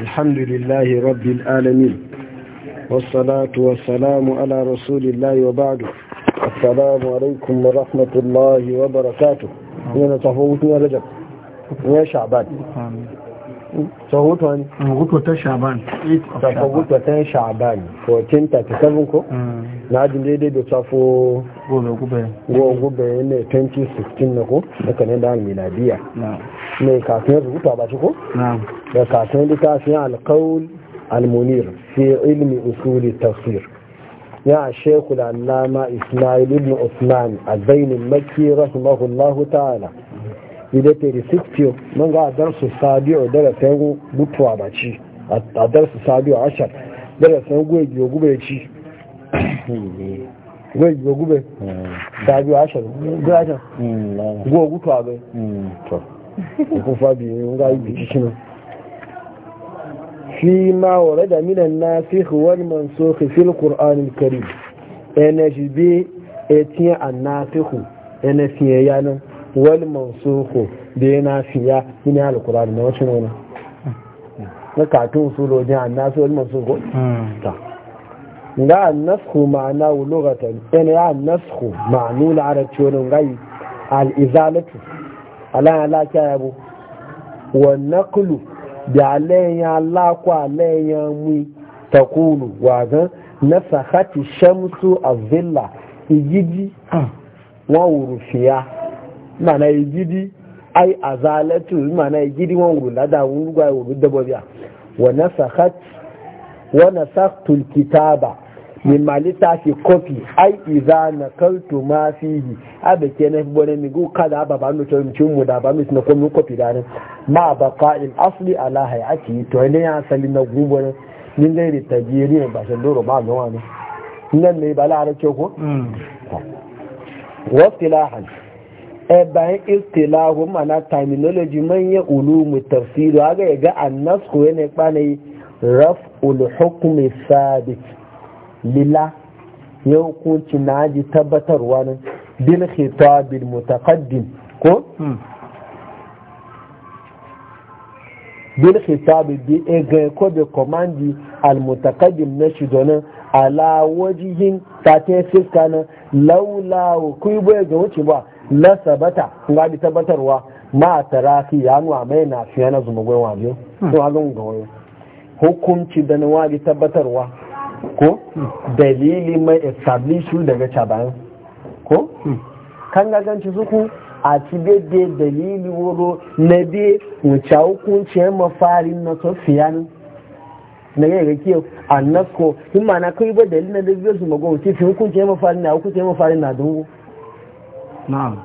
الحمد لله رب العالمين والصلاة والسلام على رسول الله وبعد السلام عليكم ورحمة الله وبركاته هنا تفوت يا رجب يا شعبان تفوتني واني تفوت وتن شعبان تفوت وتن شعبان فوتين 37 na ajin daidai da safo gobe ne 2016 na ko da kanin da miladiya mai kafin rubuta ba shi ko da kafin littafin alkawul almunir fi ilmi usuli tafsir ya shekul allama ismail ibn usman azainin maki rahimahullahu ta'ala idan teri 60 mun ga darsu sabi'u darasin mutuwa ba ci a darsu sabi'u ashar darasin gobe gobe ci gwai gogu bai da biyu ashar gajin gogu to bai to kun fabi ne ga yi shi fi ma wara da minan na fi huwar manso ka fil ƙur'anin kari nhb etiyan annasihu nhb yanan wal manso da ya na fiya mini alƙur'ani na wacin wani na hmm. katun su lojin annasihu wal manso hmm. nga annasku ma'ana lugatan ina ya annasku ma'anu larabci wani gai al'izalatu alayan alaƙa yabo wa naklu da alayan alaƙa alayya mu ta kulu wazan na sahati shamsu a zilla igidi wọn wurufiya mana igidi ai azalatu mana igidi wọn wuru lada wọn lugwa wuru dababiya wa na sahati Wana nasaktu Kitaba, min ma littafi kofi ai iza na kaltu ma fihi abe ke na wani migu kada ba ba mu cin mu da ba mu na komi kopi da nan ma ba qa'il asli ala hayati to ne ya sali na gubo e ne min gairi tajiri ba mm. san doro e ba ga wani nan ne ba la'ara ce ko wa tilahan e bayan istilahu mana terminology manya ulumu tafsiru aga ya ga e annas ko ne kwanai raf'ul hukmi sabit lila ya hukunci na ji tabbatarwa nan bil khitabil mutaqaddim ko hmm. bil khitabi bi ege ko bi komandi al mutaqaddim na shi donan ala wajihin ta ta fiska nan laula ku bo ga wuce ba la sabata ga bi tabbatarwa ma tarafi ya nwa mai na fiye na zuma gwan wajo to ga wayo hukunci da nawaji tabbatarwa ko dalili mai establishu daga cabayan ko kan gaganci suku a ci daidai dalili wuro na biye wuce ya mafarin na sofiyan na yi ga kiyo a nasko in ma na kai ba dalilin na biyar su mago wuce fi ya mafarin na ya mafarin na dungu na'am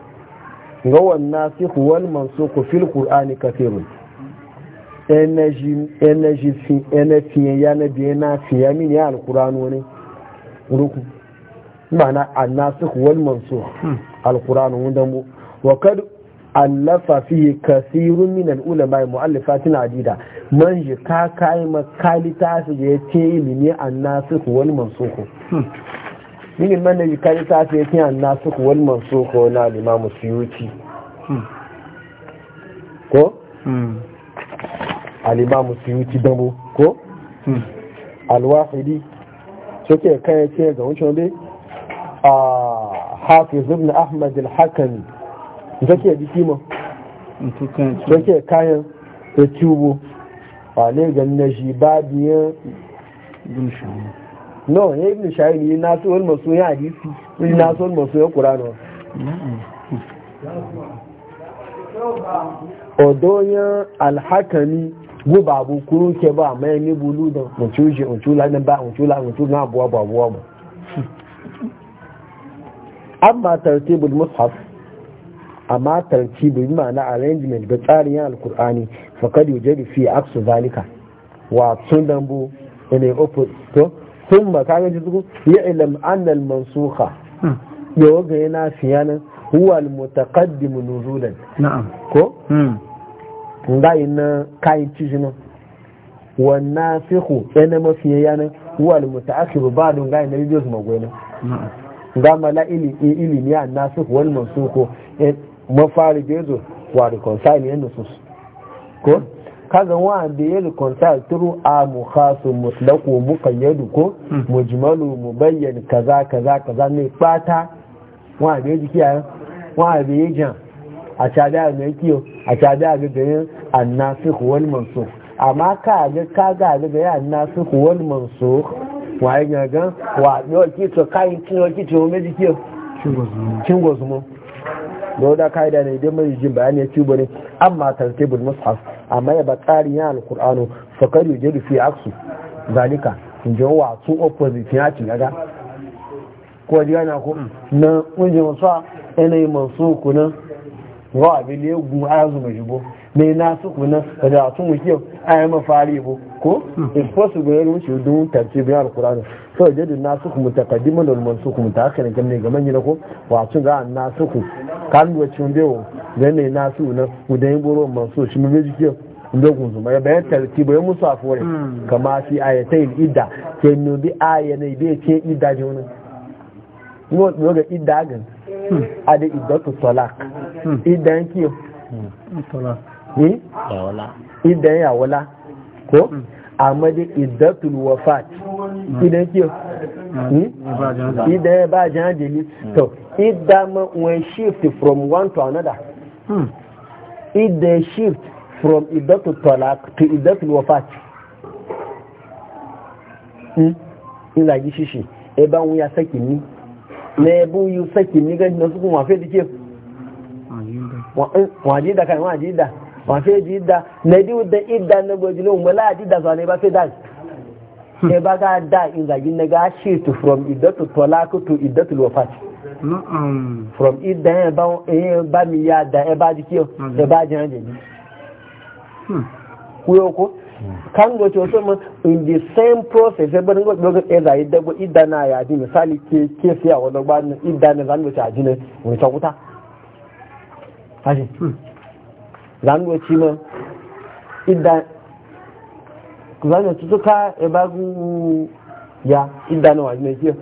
ga wannan sihuwan mansu ku fil qur'ani kafirun energy fi energy ya na biye na fi ya min ya alkur'anu ne ruku ma'ana annasikh wal mansukh hmm. alkur'anu mun dan mu wa kad allafa fihi kathirun min al ulama mu'allifatin adida man ji ka kai makalita su je ce ilimi annasikh wal mansukh hmm. min man ji kai ta ce ce annasikh wal mansukh na al suyuti hmm. ko alimamu suyuti damu ko hmm. alwahidi suke kai ce ga wancan dai a hafiz zubna ahmad al-hakami zake biki ma hmm, suke kayan da tubo a ne ga najiba biyan no ya ibn shayin yi nasu wani masu ya hadisi yi hmm. nasu wani masu ya kurano odoyan alhakami go babu kuru ke ba mai ni bulu da mutuji mutula nan ba mutula mutula abuwa ba abuwa mu amma tartibul mushaf amma tartibul ma'ana arrangement ga tsarin alkur'ani fakad yujadu fi aksu zalika wa sunan bu ne opo to sun ba kaga ji zuku ya ilam annal mansukha hmm. ya waga yana fiyanan huwa al mutaqaddim nuzulan na'am ko hmm. ngayi na kayan cizi nan wannan fiku yana mafi yayanin wal ba don ngayi na bibiyos magwai nan ga mala ilimi a nasiku wani masu ko e, mafari bezo wa reconcile yana su ko kaga wa da ya reconcile turu a mukhasu mutlaku muqayyadu ko hmm. mujmalu mubayyan kaza kaza kaza ne fata wa da ya jiki wa da ya jan a cada a mai kiyo a cada a gagayen annasikh wal mansukh amma ka ga ka ga gagayen annasikh wal mansukh waye gaga wa yo kito kai kito kito me dikiyo cingo zumo da wadda ka'ida ne idan mai jin bayani ya ci bane amma tartibul mushaf amma ya ba tsari ya alqur'anu fa kar yujadu fi aksu zalika in ji wa su opposite ya ci gaga ko ji ana ko hmm. na kunje masuwa yanayi masu nan wa abin hmm. ya gu a yanzu mai jibo mai na su kuna da sun wuce yau a yi mafari bu ko isfosu ga yaro wuce don tarci biyar alkurani so jadin na su kuma takaddima da ulman su kuma ta haka ne gamne ga manyan ko wa tun za na nasu ku kan duwa cin bewa da ne na su na udan yi buru man su shi mai jiki dogun zuma ya bayan tartibu bayan musu afuwar hmm. kama fi ayatai idda ke nubi ayanai bai ce idda jini ne ga idda gan a da iddatu talak idan kiyo idan ya wala ko amma da iddatul wafat idan kiyo idan ba jan jeli to idan ma when shift from one to another idan hmm. shift from idatu talak to idatu wafat ina gi shishi ebe anwụ saki ni na yabo yi saki ni gani na sukun wafe da ke wajida kan wajida wafe jida na diwu da idda na gwajilo umala ajida zuwa ne ba fe dai sai hmm. ba ga da in na ga shi to from iddatu talaku to iddatul wafat um, from idda ya e ba eh ba mi ya da e ba jike e ba hmm. ku yo ko kan go to in the same process ya ban go go e zai da go idana ya di misali ke ke sai a wani ba idana zan go ta jine mu ta kuta haji zan go ma idan zan go suka ya e ba gu ya idana wa ne ke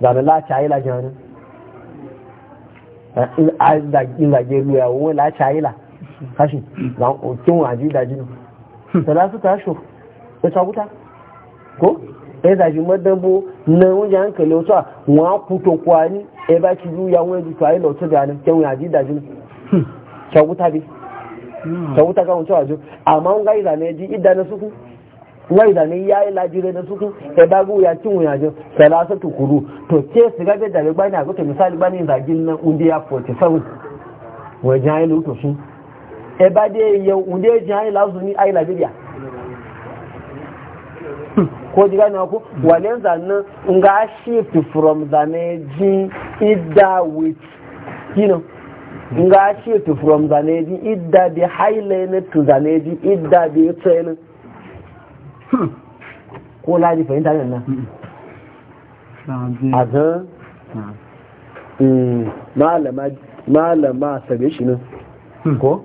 zan la ta yi la jana eh, in a da in da geruwa wala ta yi la kashi hmm. zan wani kin waji da jini salatu ta shuf ya wuta ko ya zaji madambo na wajen hankali wata a wa kuto kwani ya ba ki zuwa wani ji lauta da wasu kyanwa ya ji yaji da jini wuta bi ta wuta ga a zo amma wani ga izane ji idda na suku wa izane ya yi lajire na suku ya ba gu ya cin wuya jin salatu tukuru to ke su gabe da rigbani a kuka misali bani zagin nan undiya 47 wajen yi lutosu ẹ̀bá dé yẹ òun dé jẹ́ àyè láwùsùn ní àyè liberia ko ji gane nga shift from zaneji idda with nga shift from zaneji idda bi highland zaneji idda bi ko laji fahimta nan nan a malama sabe Hmm. ko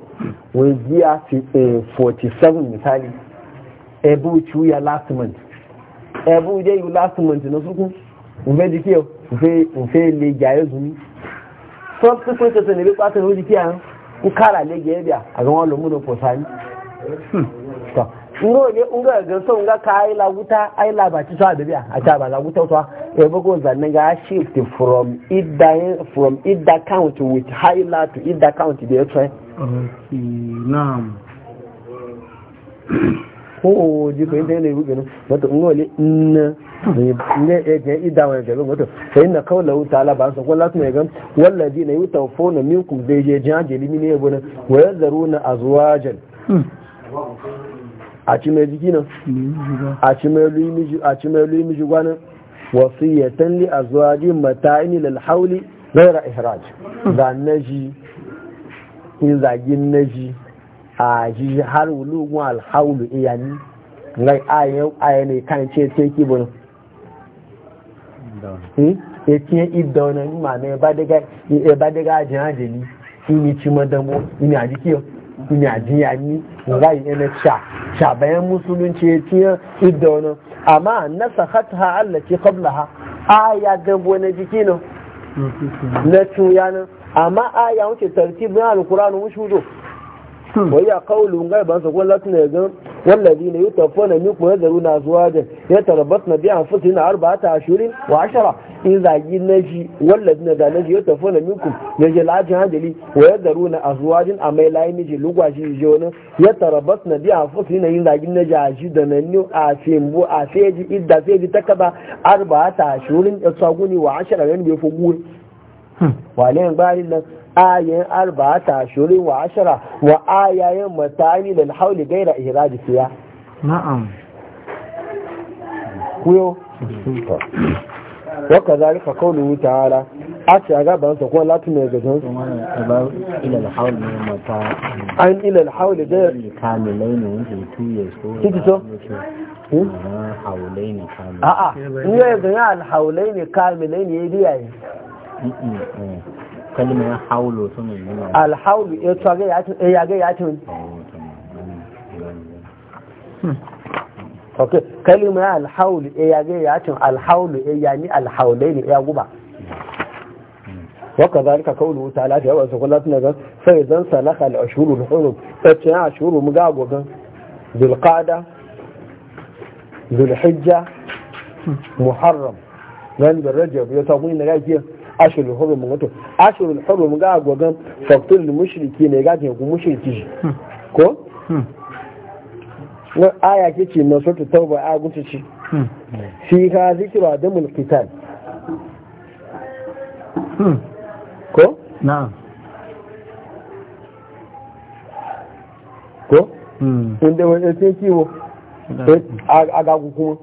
wai giya 47 eh, misali ebu chuya last month ebu je you last month na suku nfe di kiyo nfe le jaye zumi subsequent to ne bi pata no di kiya n kara le ge bia aga won lo mu do posani to hmm. ngo ye ngo ga so nga ka ai la wuta ai la ba ti so adabi a ta ba la wuta so ebogo zanne ga shift from ida from ida county with highla to ida county da yace na'am ko ji ko inda ne bugu na to ngole inna ne e ga idda wa ga goto sai na kaula ta'ala ba san kullu tun ga wallazi ne yutawfuna minkum zai je jaje limi ne na wa yazaruna azwajan hmm. a ci mai jiki nan a ci mai lu a ci lu imiji gwanan wasiyyatan li azwaji mata'in lil hawli ghayra ihraj da naji in zagin naji a ji har wulugun al hawlu iyani ngai ayen ayen kan ce ce kibun hmm? etinye ida ọ̀nà ní màmá ẹbá dẹ́gá jẹ́ àjẹ́ ní ìní ni mọ́ dánwó e ni àdíkíọ́ dunya jiya ni rai ne sha sha bayan musulunci ya ciye idda wani amma nasakhatha allati qablaha aya gambo na jiki no na tuya na amma aya wuce tartibin na wuce wuce hmm. wai ya kawo ngai ban sa ko latin ya ga والذين يتوفون منكم يذرون أزواجا يتربصن بأنفسهن أربعة أشهر وعشرة إذا نجي والذين إذا نجي يتوفون منكم نجي العاج هندلي ويذرون ازواجا اما لا ينجي لغوا جيجون يتربصن بأنفسهن إذا نجي أجد ننيو أسيمبو أسيجي إذا سيجي تكبا أربعة أشهر يتصاقوني وعشرة ينبي فقول wale yin gbari nan ayin arba'ata shurin wa ashara wa ayayen matani da hauli gaira ihraji siya na'am kuyo wa kazalika kaulu ta'ala a ce a gaban sa kuma latin ne ga gajin an ila alhauli da kamilai ne wanda ya tuye so haulai ne kamilai a'a in yau ga alhauli ne kamilai ne ya biya ne kalmar haulo ta mai yana alhaulu eh, ya tsage eh, ya ta mai yana ya ta mai ok kalmar alhaulu eh, ya yage ya ta mai alhaulu ya yami alhaulai ne ya guba wakka zalika kaulu ta lafiya wa su kula tunan sai zan salaka da ashuru da hulun tsaccen ashuru mu ga gogon zulkada zulhijja hmm. muharram zan da rajab ya ta kuni na gajiyar Ashirin hurum mutum ashirin hurum ga gogan da mushriki ne ga ke mushriki shi hmm. ko hmm. na aya ce na sautu tauba a gutu ce hmm. fi ka zikru adamul qital ko na ko inda wani sai kiwo a ga kuma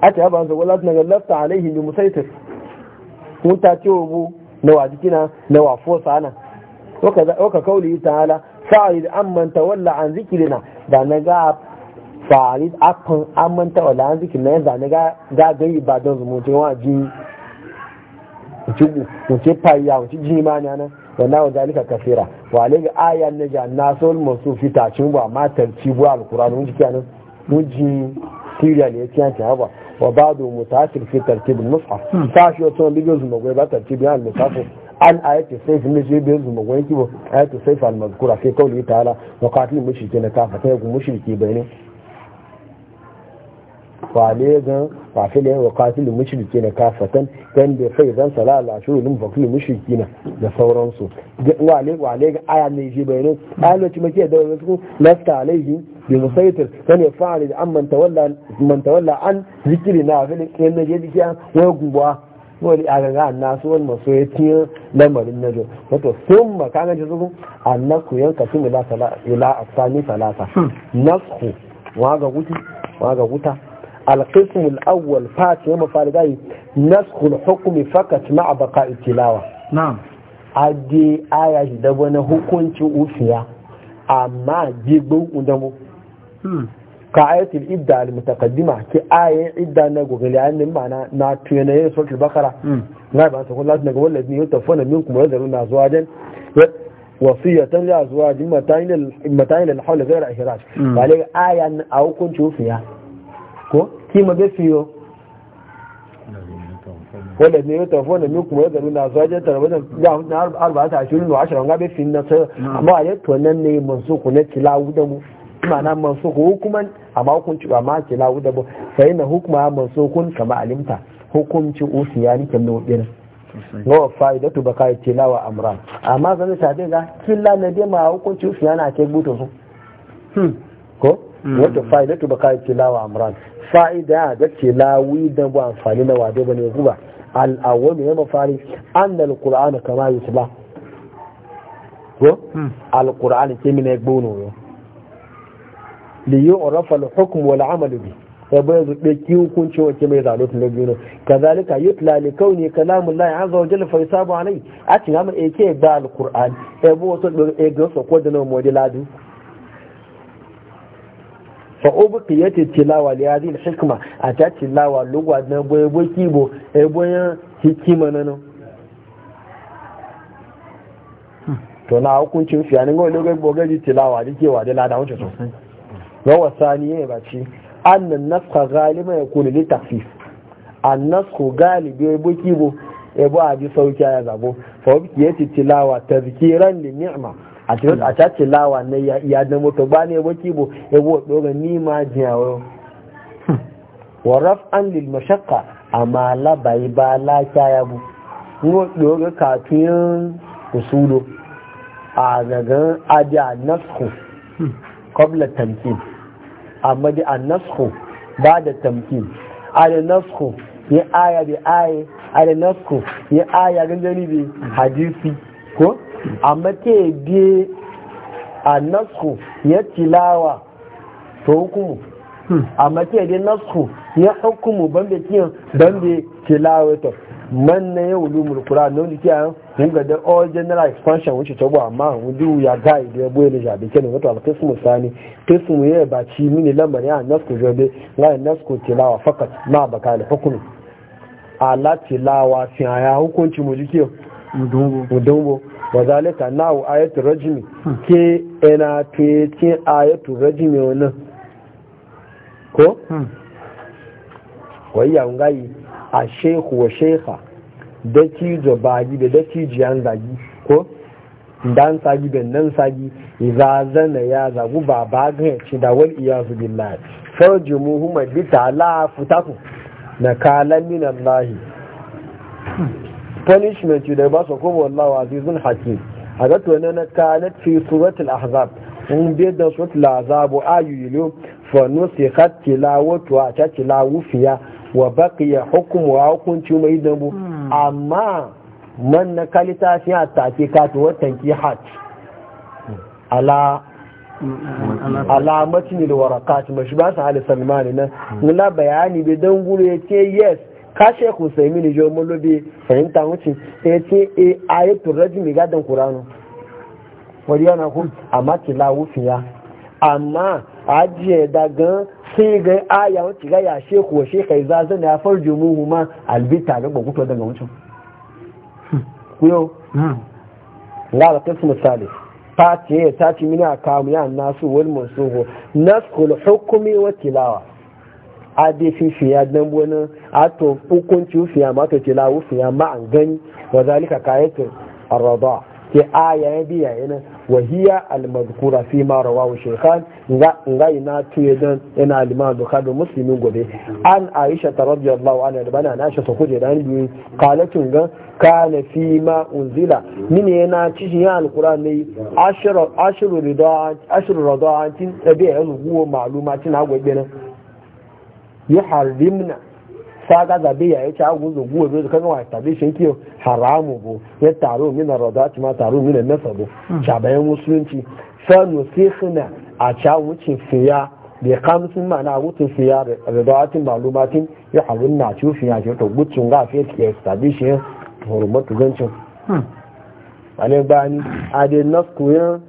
a ta yaba zuwa lafta alaihi ne musaitar huta ce obu na wa jikina na wa fosa nan waka kauli ta'ala fa'arid manta walla an zikirina da na ga fa'arid akan manta walla an zikirina yanzu da na ga gari ba don zumuncin wa ji wuce fayya wuce ji ma ne nan wanda wa alika kafira wa alaiga ayan na ja sol masu fitacin ba ma tarci bu alkurani mun ji wuce siriya ne ya ciyanci haba wa ba ba'du mutasil fi tartib al-mushaf sashi wato bigo zuma goyi ba tartib ya al-mushaf an ayati sayf ne je bigo zuma goyi kibo ayati sayf al-mazkura fi qawli ta'ala wa qatil mushrikeena kafa ta gu mushriki bayne wale gan wafile wa qatil mushrikeena kafatan kan da sai zan sala ala shurulun fakil mushrikeena da sauransu wale wale ga aya ne je bayne ayati make da wasu lasta alaihim bi musaitir kan ya fa'ali da amman tawalla man tawalla an zikrina fil kinna je dikiya wa guwa wani a gaga an nasu wani maso ya tiyo lamarin na jo wato sun makanan ji zuku a nasu yanka sun ila a sami salasa nasu waga wuta waga wuta القسم الأول فات يوم فارغاي نسخ الحكم فقط مع بقاء التلاوة نعم أدي آية دبنا حكم توفيا amma جيبو ودمو ka ayatul idda al mutaqaddima ki ayin idda na gogali annin mana na tuyana yin suratul bakara na ba ta kullu daga wallahi ne tafana minkum wa zaruna zuwajan wasiyatan li azwajin matayin matayin al hawl ghayra ihraj wale ayan au kun tufiya ko ki ma be fiyo wanda ne ya tafi wanda min kuma ya zaru na zuwa jantar wajen arba'ata ashirin da ashirin ga bai fi na sai amma a yadda wannan ne masu kuna tilawu da mu ma'ana masu hukuman amma hukunci ba ma ke lawu da ba sai na hukuma mansukun kama alimta hukunci usiyani kan da wadirin wa fa'idatu bakai tilawa amran amma zan ta daga killa na dai ma hukunci usiyana ke guto su hmm. ko hmm. wata fa'idatu bakai tilawa amran fa'ida da tilawi da ba amfani na wade bane guba al-awwal ya ma mafari anna al-qur'ana kama yusba ko hmm. al-qur'ana ke mina gbono yo li yu'rafa al hukum wal 'amalu bi ya bai zube ki hukunci wace mai zalo tun biyu ne kazalika yutla li kauni kalamullahi azza wa jalla fa yusabu alai a cin amma e ke da al kur'an. e bo wasu e ga so ko da no modiladu fa ubqiyati tilawa li hadhihi al-hikma ta tilawa lugwa na boye boye kibo e boye hikima nan to na hukuncin fiyanin ga wani tilawa bogaji tilawa dikewa da ladan wuce sosai rawa saniya ya An annan nafka galiba ya kuna li takfif an nafku galibi ya buki bu ya bu a ji sauki ya zabo fa ya ci tilawa tazkiran li ni'ma a cikin a ta tilawa ne ya iya da mutu ba ne buki bu ya bu doga nima jiyawo wa raf'an lil mashaqqa amma la bai ba la ya bu ngo doga katun usulu a daga adi nafku qabla tamkin amma da annasku ba da da annasku ya aya bi aya annasku ya aya gangani bi hadisi ko amma yi a annasku ya tilawa ta hukumu hmm. amma ke bi nasku ya hukumu ban da kiyan ban da tilawa ta man na ya lumul kura na wani kiyayen mun ga da all general expansion wuce ta buwa amma wudu ya gai da ya buwe da jabe kenan wato alkismu sani kismu ya ba ci mini lamari a nasku jobe ga nasku tilawa fakat ma baka da hukumi ala tilawa fi aya hukunci mu jike mudumbo wa zalika na'u ayatu rajimi ke ina tuyetin ayatu rajmi wannan ko wayya hmm. ngai a shehu wa sheha dattijo bagi da dattijiyan zagi ko dan sagi da nan sagi za zana ya zagu ba ba ga ci da wal iyazu billahi farji muhammad bi ta'ala futaku na kalan min allah punishment da ba so ko wallahi azizun hakim a to ne na kalat fi suratul ahzab in bi da suratul ahzab ayu yulu fa nusikhat tilawatu ta tilawu fiya wa ya hukum wa hukunci mai dambu hmm. amma man na kalita shi a take kati watan ki hajj ala alamacin da warakat mashi ba su hali salmani nan hmm. nuna bayani bai don guru ya ce yes ka ku sai mini jo mulubi lobe fahimta wuce ya ce e ayatul rajmi gadan qur'anu wani yana kun amma ki lawufiya amma ajiye daga sai ga aya wacce ga ya sheku wa shekai ya zana ya farjo muhu ma albita ga gbagutu daga wancan kuyo na da kasu misali ta ce ta ce mini a kamu ya nasu wani masu ho naskul hukumi wa tilawa a dai fifiya don wani ato hukunci fiya ma to tilawa fiya ma an gani wa zalika kayatun arraba ke aya ya biya yana Wahiya hiya al-madhkura fi ma rawahu shaykhan nga nga ina tuye dan ina al-imam bukhari muslimin gobe an aisha radiyallahu anha da bana na aisha kuje dan biyu qalatun ga kana fi ma unzila min yana cikin al-qur'an ne ashru ashru ridaat ashru ridaat tin tabi'a zuwa ma'lumatin agwabe nan yuharrimna ga zabe ya yace agu zo guwa zo kan wa tabe shi ke haramu bo ya taro min radati ma taro min nasabu hmm. shabayan musulunci sanu suna a cha wuce fiya bi kamsin na wuce fiya radatin malumatin ya halun na ci fiya ce to gutsun ga fiye ke tabe shi hurmatu gancin hmm. ale bani ade nasku yan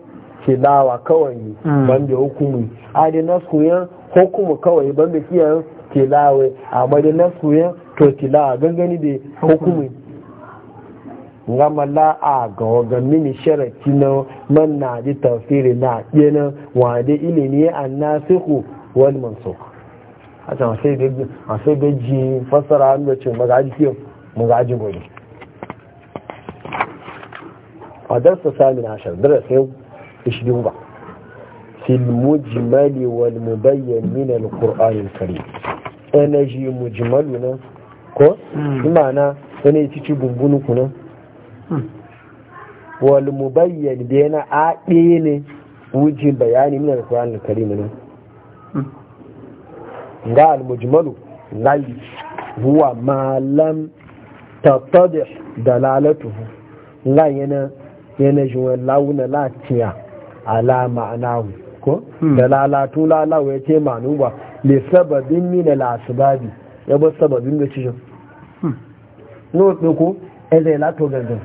dawa kawai hmm. ban da hukumi ade nasku ya hukumu kawai ban da kiyayen tilawe a da na to tilawa gangani da hukumi ngama la a ga waga mini sharaki na man na ji tafsiri na yana wade ilimi an nasihu wal mansukh hata a sai da a sai da ji fasara an da ce magaji kiyo magaji gobe a darsa sami na shar darasa yau ishirin ba في المجمل والمبين من القرآن الكريم energy mujmal nan ko hmm. imana yana yi cici bumbunu kunan hmm. wal mubayyan da yana a ɗaya ne wuji bayani min alquran alkarim nan hmm. ga al mujmalu lai huwa ma lam tattadih dalalatuhu la yana yana jiwa launa latiya ala ma'anahu ko hmm. da lalatu lalawa ya ce manu ba le sababin ni da lasibabi ya ba sababin da cikin hmm. no ɗin ko ya zai lato gangan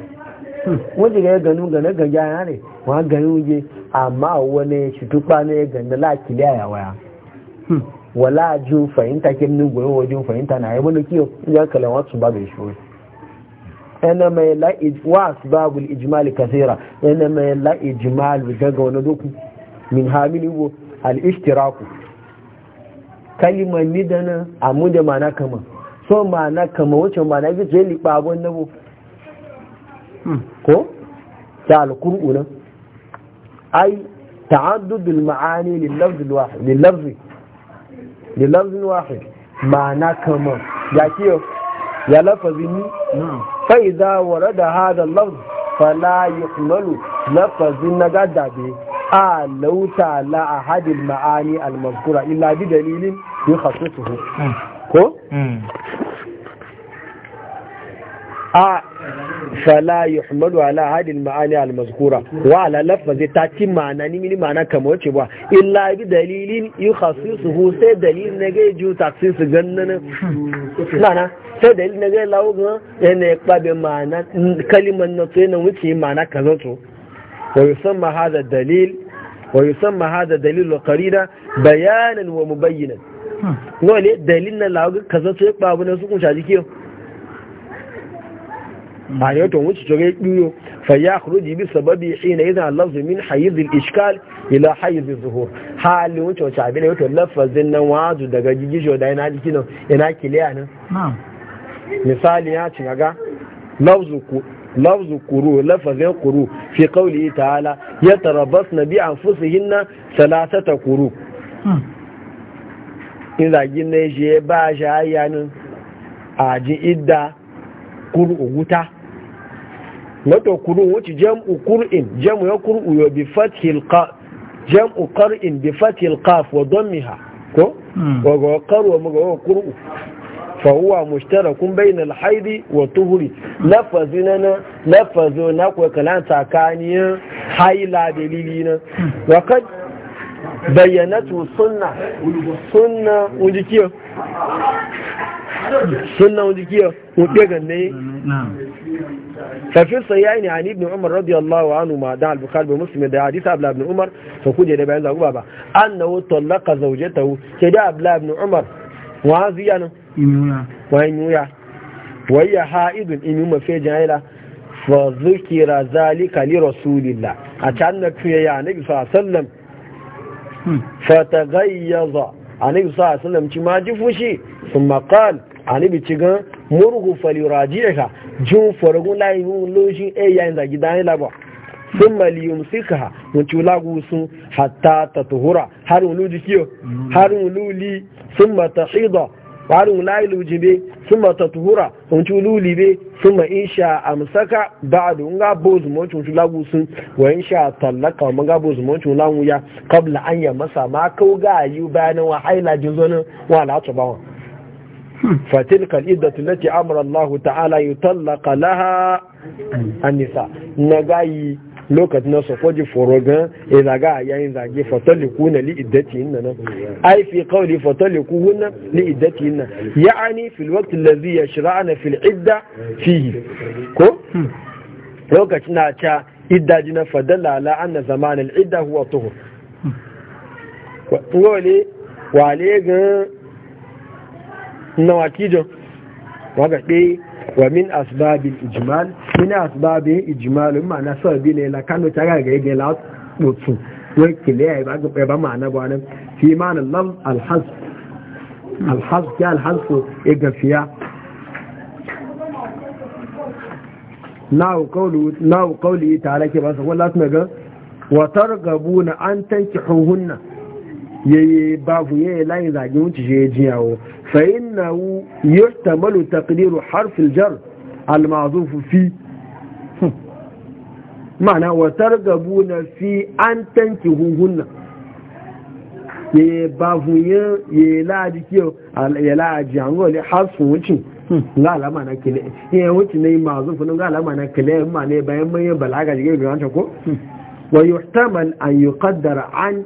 hmm. wajen ya ganu gane ga ya ne ma ganin wuje amma wani shi tukpa ne ya gani lakili a waya wala jin fahimta ke ni goyon wajen fahimta na yi wani kiyo ya kalan wasu ba bai shi yana mai la ijimali kasira yana mai la ijimali daga wani doku min hamili bo al-ishtiraku kalimar nidana da muda mana kama so mana kama wacce mana fi zai liɓa abin nabo hmm. ko ta alƙur'u nan ai ta'addudul ma'ani lillafzi lillafzin wahid mana kama ya kiyo ya lafazi ni fa'iza warada hada la yi yuqmalu lafazin na gadabe a lauta la ahadil ma'ani al-mazkura illa bi dalilin yakhassisuhu hmm. ko hmm. a fala yuhmadu ala hadin ma'ani al-mazkura wa ala lafzi ta ci ma'ana ni mini ma'ana kamar wace ba illa bi dalilin yukhassisuhu sai dalil ne ga ju taksis gannan nana hmm. sai dalil ne ga lawo ga ya kwabe ma'ana kalimar na to yana wuce ma'ana kaza ويسمى هذا الدليل ويسمى هذا دليل القرينة بيانا ومبينا نقول دليلنا لو كذا نسو كون سكون شاجكيو يعني يوتو جوي ديو فياخرج بسبب حين اذا اللفظ من حيز الاشكال الى حيز الظهور حال وانتو شعبين يوتو لفظ النواز ودقا جيجيشو داينا جيكينو يناكي ليانا نعم مثال ياتي لفظ lafzu kuru lafazin kuru fi qawli ta'ala yatarabbasna bi anfusihinna salasata kuru hmm. in zagi ne je ba shi ayyanin aji idda kuru wuta wato kuru wuce jam'u kur'in jam'u ya kur'u ya bi fathil qaf jam'u qar'in bi fathil qaf wa dammiha ko hmm. wa qaru kur'u فهو مشترك بين الحيض والطهر لفظنا لفظنا وكلام تاكاني حيلا دليلنا وقد بينته السنة سنة وجكيه سنة وجكيه وبيغن ني نعم. ففي الصحيحين عن ابن عمر رضي الله عنه ما دعا البخاري ومسلم دعا حديث ابلا ابن عمر فكوجه ده بيان زغبا انه طلق زوجته كده ابلا ابن عمر وهذه يعني wa'inuya yuya wayya ha'idun imi mafi jayila fa zukira zalika li rasulillah a can na tuye ya nabi sallam hmm. fa A anabi sallam ci ma ji fushi sun a anabi ci gan murhu falirajiyaka jin fargun layin lojin a e yayin da gidan laba sun maliyun suka lagu sun hatta ta tuhura har wulu jikiyo sun hmm. mata shida warin lailu jibe sun ma tuhura sun ci be sun ma in sha amsaka ba a dun ga bo zuma lagu sun wa in tallaka wa ga bo lagu ya kabla an yi masa ma kau ga yi bayanin wa haila jin zonin wa la bawa hmm. fatilka iddatu lati amara Allah ta'ala tallaka laha an-nisa na gayi lokacin na sokoji forogan ya e zaga a yayin zage fataliku na li iddati inna nan ai fi qawli fataliku hunna li iddati inna ya'ani fil ya shira ana fil idda fihi ko lokacin na ta idda jina fadalla ala anna zaman al idda huwa tuhur wale wale ga nawakijo waga dai wa min asbabil ijmal من أسباب إجمال معنى سببين إلا كانوا تغير إجمال مطفو وكليا يبقى معنى بوانا في معنى اللفظ الحظ الحظ كان الحظ إجمال فيها ناو قولي ناو قولي تعالى كيف أصبح الله أسمع وترغبون أن تنكحوهن يي بافو يي لا يزاجي وانت شي جياو فانه يحتمل تقدير حرف الجر المعذوف فيه ma'ana watar gabu na fi an tanki hunhunna ye ba funye ya la'adi kiyo ya la'aji an gole har sun wuce nga alama na kile ya wuce na yi mazu funin nga alama na kile ma ne bayan manyan balaga jigai ga ko wa yuhtamal an yuqaddara an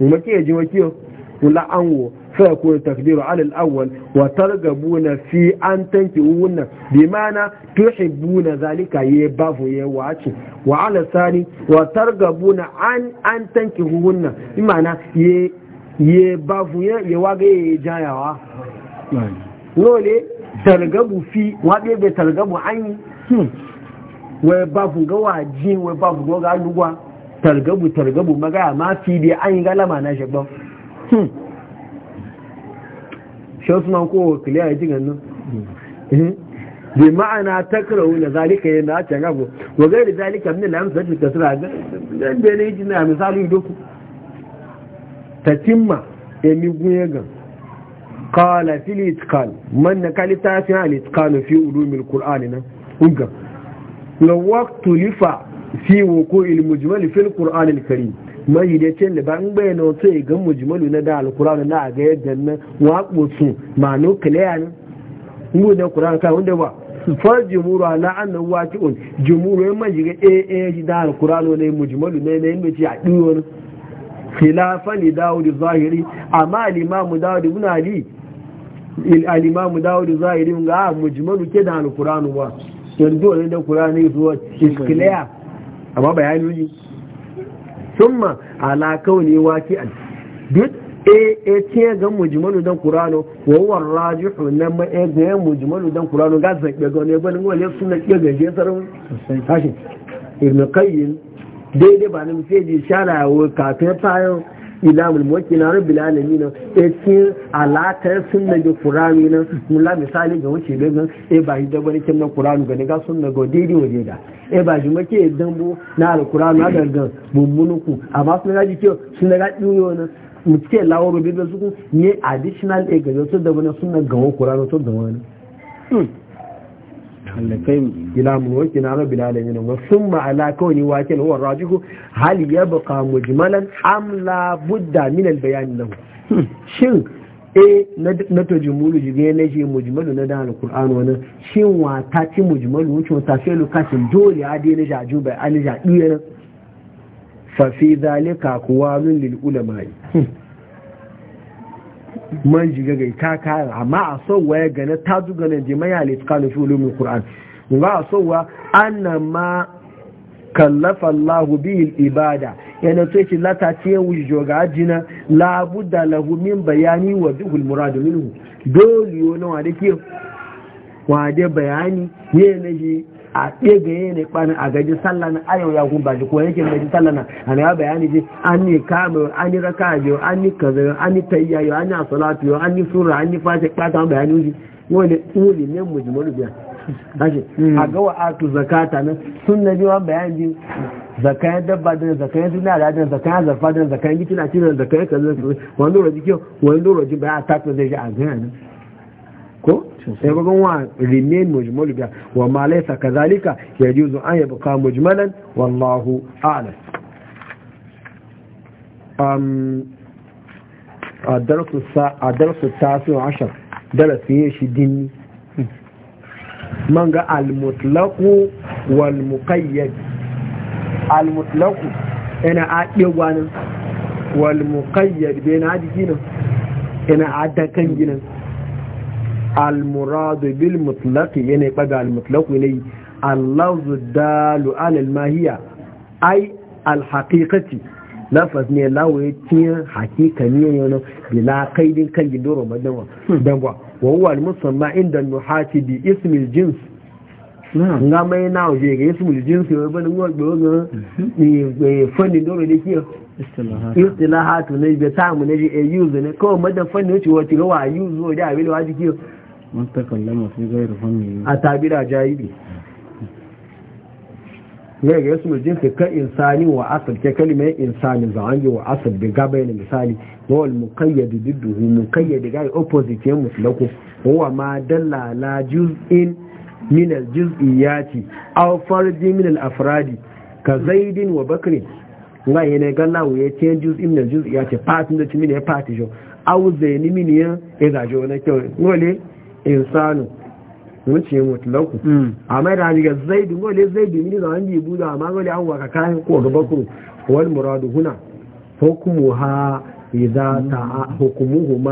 mu ke ji wa kiyo kula anwo fa yakunu takdiru ala al-awwal wa targabuna fi an tankihunna bi mana tuhibuna zalika ya bafu ya wace wa ala sani wa targabuna an an tankihunna bi mana ye ya bafu ya ya waga ya jayawa lole targabu fi wa be targabu an hmm. wai bafu ga waji wai bafu ga lugwa targabu targabu magaya ma fi bi an yi galama na shabban shi wasu man kowa kiliya ya ji ganin bi ma'ana takrahu na zalika yana a can gabo wa gairi zalika min al-amsa ta tasra dan da ne yi na misali doku tatimma emi guye gan qala fil itqan man nakalita fi al-itqan fi ulum al-qur'an na unga la waqtu lifa fi wuqu' al-mujmal fi al-qur'an al-karim mai da ce ba in bai na wato ya gan mujmalu na da alkur'an na a ga yadda na su ma nukiliya kiliya ne mu da kur'an ka wanda ba far jimuru ala annan on, jimuru yan majiga eh eh da alkur'an ne mujmalu ne ne mai ci a diyo ne khilafan daud zahiri amma al-imam daud ibn ali al-imam daud zahiri ga ah, mujmalu ke da na ba yanzu ne da kur'ani zuwa iskiliya amma bayani summa ala kauni waqi'an duk e e tiye ga mujmalu dan qur'ano wa huwa rajihu nan ma e ga mujmalu dan qur'ano ga zabe ga ne ban wale sunna ke ga je sarau tashi ibn qayyim daidai ba nan sai ji shara wa kafin tayo ilamul mulki na rabbil alamin etin alaka sunna ga qur'ani na mulla misali ga wuce daga e ba yi dabbar kin na qur'ani ga ga sunna ga didi waje da e ba ji make dambo na alqur'ani ga ga mummunuku amma sun ga ji ke sun ga diyo na mutke lawo bi da su ne additional e ga yoto da wani sunna ga qur'ani to da wani kai ila mulki na rabbil alamin wa summa ala kawni wakil huwa rajihu hal yabqa mujmalan amla budda min al bayan lahu shin eh na to jumulu jige na je mujmalu na da alquran wani shin wa ta ci mujmalu wuce ta sai lokacin dole a dai na jaju bai alija diyan fa fi zalika kuwalun lil ulama'i man jiga gai ta kayan amma a sauwa ya gane ta zuga na jima ya halittu kanu fi ulumin qur'an ga a sauwa anna ma kallafa ibada yana to yake lata ce wuce ga ajina la da lahu min bayani wa duhul muradu minhu dole na wade ke wade bayani ne na a ɗegaye ne kwanan a gaji sallah na ayo ya gumba ji ko yake gaji sallah na ana ya bayani ji an ni kama an ni raka yau an ni kaza an ni tayya yau an ni asalatu yau an ni sura an ni fashe kata bayani ji wani tsuli ne mujmalu biya Ashe, hmm. a gawa atu zakata nan sun na biwa bayan ji zakayen dabba da zakayen zina da da zakayen zarfa da zakayen gitina cikin zakayen kazan su wani lura jikin wani lura jikin bayan a tafi zai ji a gina nan ko sai ko gan wa remain mujmal biha wa ma laysa kadhalika yajuzu an yabqa mujmalan wallahu a'lam um الدرس التاسع عشر درس يشدني من المطلق والمقيد المطلق انا اقوان والمقيد بين عدد جنة انا عدد كان جنة almuradu bil mutlaqi yana ɓaga almutlaqu ne allazu dalu alal mahiya ai alhaqiqati lafaz ne lawaye tiyan hakika ne yana bila kaidin kan gidoro madanwa dangwa inda nuhati bi ismil jins nga mai na oje ga ismil jins bani fani doro ne kiyo istilahatu ne be samu ne e use ne ko madan fani wuce wace da abin wa kiyo man takallama ga yasu jinsi ka insani wa asal ke insani za an yi wa da gaba yana misali wal muqayyad didduhu muqayyad ga opposite ya ma dalla la juz'in alfar afradi ka zaidin wa bakr nga yana galla wa ya ce juz'in da ya na insanu wuce hmm. a mai da hanyar zai wale zaidu mini da zaman ibu da amma wale an waka kayan ko gaba kuro wal muradu huna ha idza ta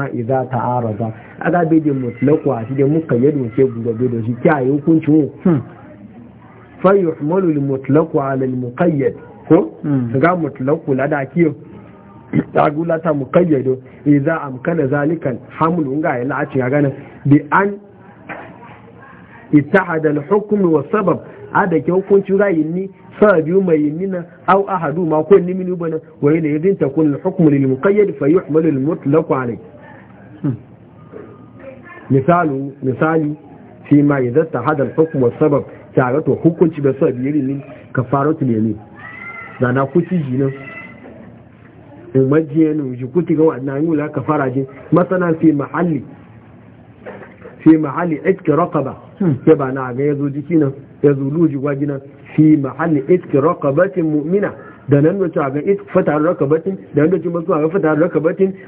A idza ta'arada aga be de mutlaku a shi de muka yadda ke guda be da shi kiyaye hukuncin hmm. fa yuhmalu al mutlaku ala al muqayyad ko hmm. ga mutlaku la da kiyo tagula ta za a amkana zalikan hamulun ga ya la'aci a ganin da an ita hadal hukm wa sabab da ke hukuncin rayin ni sababi mai yin nina a hadu ma ko ni bane bana wa yana ta takun al-hukm lil muqayyad fa yuhmalu al-mutlaq alayh misalu misali fi ma yi zata al hukumi wa sabab tare to hukunci da sababi yin ni kafaratul yamin da na kuci jinan majiyar wuji kuti ga waɗannan yula ka faraje masana fi mahalli fi mahalli itki raqaba hmm. ba na ga yazo jiki nan yazo luji gwaji nan mu'mina da nan wace ga itki fatar raqabatin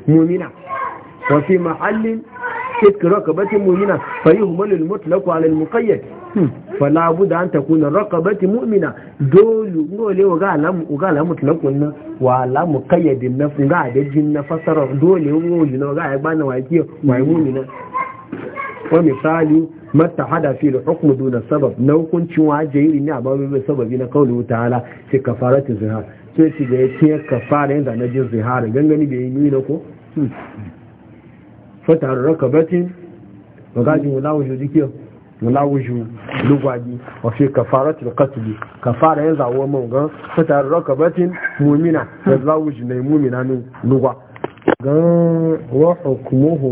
mu'mina wa fi mahalli itki raqabatin mu'mina fa yuhmalu al-mutlaq ala Hmm. fala buda an takuna raqabati mu'mina dole dole wa galam wa galam mutlaqun na wa la muqayyadin nafs ga da jin na fasara dole wa jina ga ba na wa wa mu'mina wa misali mata hada fi al-hukm duna sabab na wa wajiri ne a babu sababi na kaulu ta'ala sai kafaratu zihar sai shi da yake kafara inda na jin zihar gangani bai yi na ko hmm. fatar raqabatin wa gajin wala wujudi kiyo yulawuju lugwaji wa fi kafaratul qatl kafara yan zawo mun ga fitar rakabatin mu'mina ya zawuju ne mu'mina ne lugwa ga wa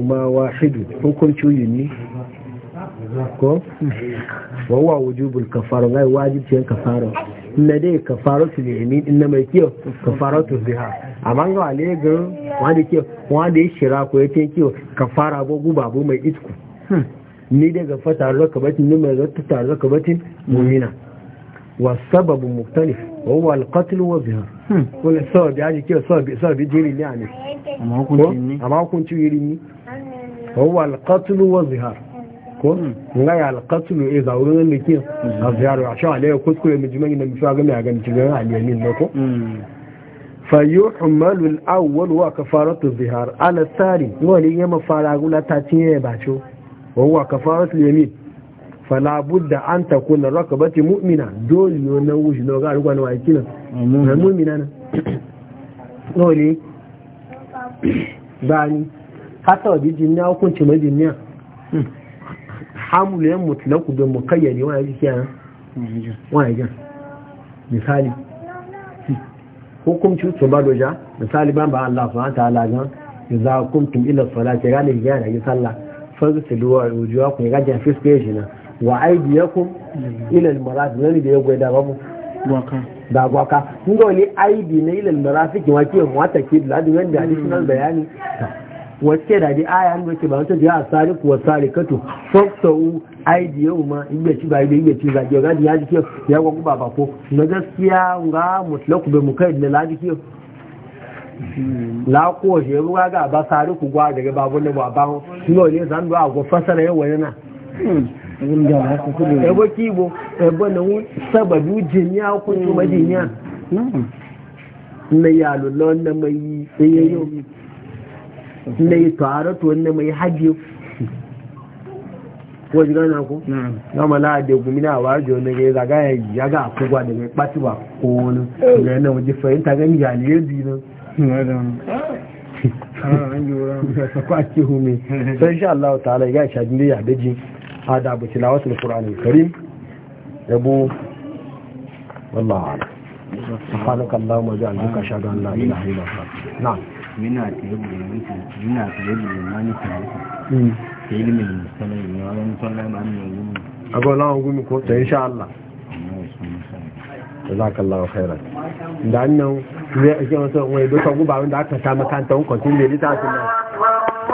ma wahid hukunci yini ko wa huwa wujubul kafara ga wajibin kafara na dai kafaratu ne inna na mai kiyo kafaratu biha amma ga ale ga wanda kiyo wanda ya shira ko ya kiyo kafara bo guba bo mai itku ni daga fata batin ni mai zata zaka batin mu'mina wa sababu muktalif wa huwa al-qatl wa zihar hmm. wala sababi yaji ke sababi sababi jiri ne ani amma hukunci ne amma hukunci yiri ni wa huwa al-qatl wa zihar ko hmm. nga ya al-qatl e da wurin ne ke zihar wa sha alai kuskure mu jima'i na mutuwa ga mai ga ga aliyamin ne ko فيحمل الاول وكفاره الظهار على الثاني ala tsari wani yema fara gula ta wa huwa kafaratul yamin fala budda an takuna rakabati mu'mina dole ne wannan wuji na ga ruwa na waki nan na mu'mina na dole bani hatta wajen jinniya hukunci majinniya hamulayen mutlaku da mukayyani wani jiki yana wani jan misali hukumci su ba doja misali ban ba Allah su hanta halagan za hukumtum ila salati ranar yana yi sallah fagisilu a rujuwa kun ga jan fiske shi na wa aidiyakum ila almarad wani da ya goyda babu da gwaka kun ga wani aidi na ila almarafiki wa ke wata ke da ladin wanda additional bayani wacce da dai aya an wace ba wata da asari kuwa sarikatu fasau aidi yau ma ibe ci ba ibe ibe ci ba ga ya ji ke ya gwa ku ba ko na gaskiya ga mutlaku be mu kai da ladi ke lako shi ruwa ga ba sari ku gwa daga babu ne ba ba no ne zan ya ago fasara kibo na wu sababu jinya na yi láàdé ogun mílẹ̀ àwájò ní ẹgbẹ́ ìzàgá ẹ̀yà gà àkúgbà dẹ̀mẹ́ pátìwà kó wọn ní ẹgbẹ́ hmm. hmm. náà wọ́n fẹ́ ìtàgẹ́ náà sai shi Allah ta halaye ya shaji ne ya daji a dabuci na wasu ƙura'an karim yabo wallah hannuka Allah maji an duka shaga Allah ila haila na mina tiye bude mani ta yi ilimin musamman yawon wani tsallai ma'an yau gumi agwala wa gumi ko ta yi sha Allah da zaka Allah wa khairar da annan zai ake wasu wani dukkan gubarun da aka sha makarantar kwancin da littafin nan